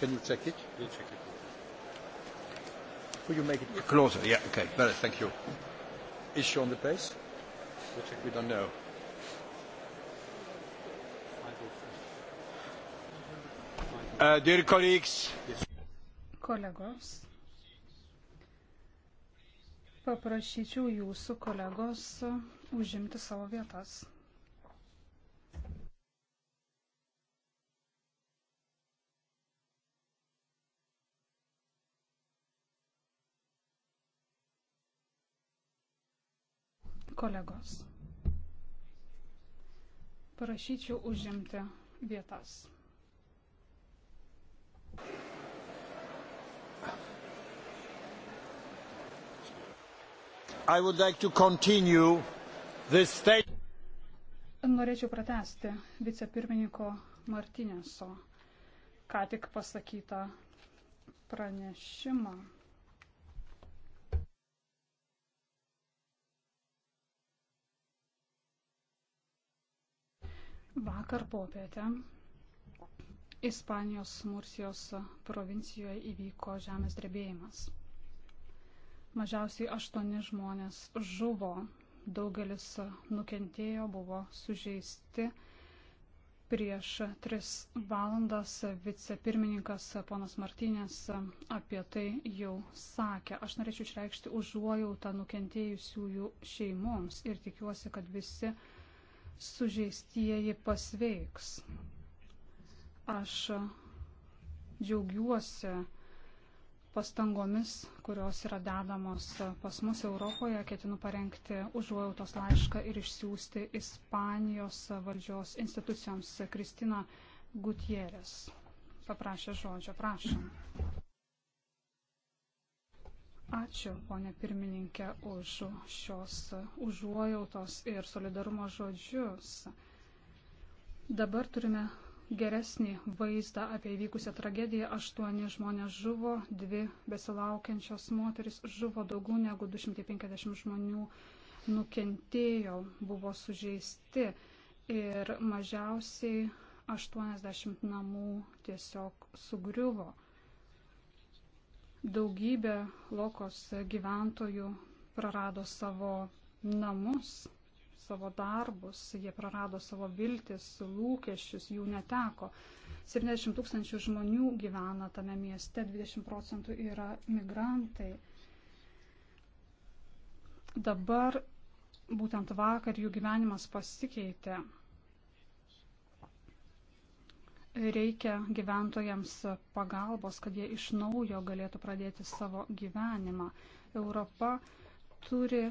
Can you check it? We'll check it. Could you make it closer? Yeah, okay. Better, thank you. Is she on the place? We'll check. We don't know. Uh, dear colleagues. Yes. Kolegos. Paprašyčiau jūsų kolegos užimti savo vietas. Kolegos, parašyčiau užimti vietas. Like Norėčiau pratesti vicepirmininko Martinėso ką tik pasakytą pranešimą. Vakar popietę Ispanijos Mursijos provincijoje įvyko žemės drebėjimas. Mažiausiai aštuoni žmonės žuvo, daugelis nukentėjo, buvo sužeisti. Prieš tris valandas vicepirmininkas ponas Martynės apie tai jau sakė. Aš norėčiau išreikšti užuojautą nukentėjusiųjų šeimoms ir tikiuosi, kad visi uh, sužeistieji pasveiks. Aš džiaugiuosi pastangomis, kurios yra dedamos pas mus Europoje. Ketinu parengti užuojautos laišką ir išsiųsti Ispanijos valdžios institucijoms Kristina Gutierrez. Paprašė žodžio, prašom. Ačiū, ponė pirmininkė, už šios užuojautos ir solidarumo žodžius. Dabar turime geresnį vaizdą apie įvykusią tragediją. Aštuoni žmonės žuvo, dvi besilaukiančios moteris žuvo, daugiau negu 250 žmonių nukentėjo, buvo sužeisti ir mažiausiai 80 namų tiesiog sugriuvo. Daugybė lokos gyventojų prarado savo namus, savo darbus, jie prarado savo viltis, lūkesčius, jų neteko. 70 tūkstančių žmonių gyvena tame mieste, 20 procentų yra migrantai. Dabar, būtent vakar, jų gyvenimas pasikeitė reikia gyventojams pagalbos, kad jie iš naujo galėtų pradėti savo gyvenimą. Europa turi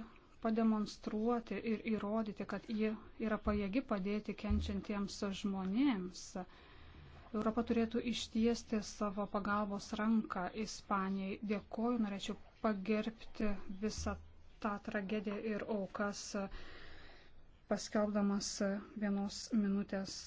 pademonstruoti ir įrodyti, kad ji yra pajėgi padėti kenčiantiems žmonėms. Europa turėtų ištiesti savo pagalbos ranką Ispanijai. Dėkoju, norėčiau pagerbti visą tą tragediją ir aukas, paskelbdamas vienos minutės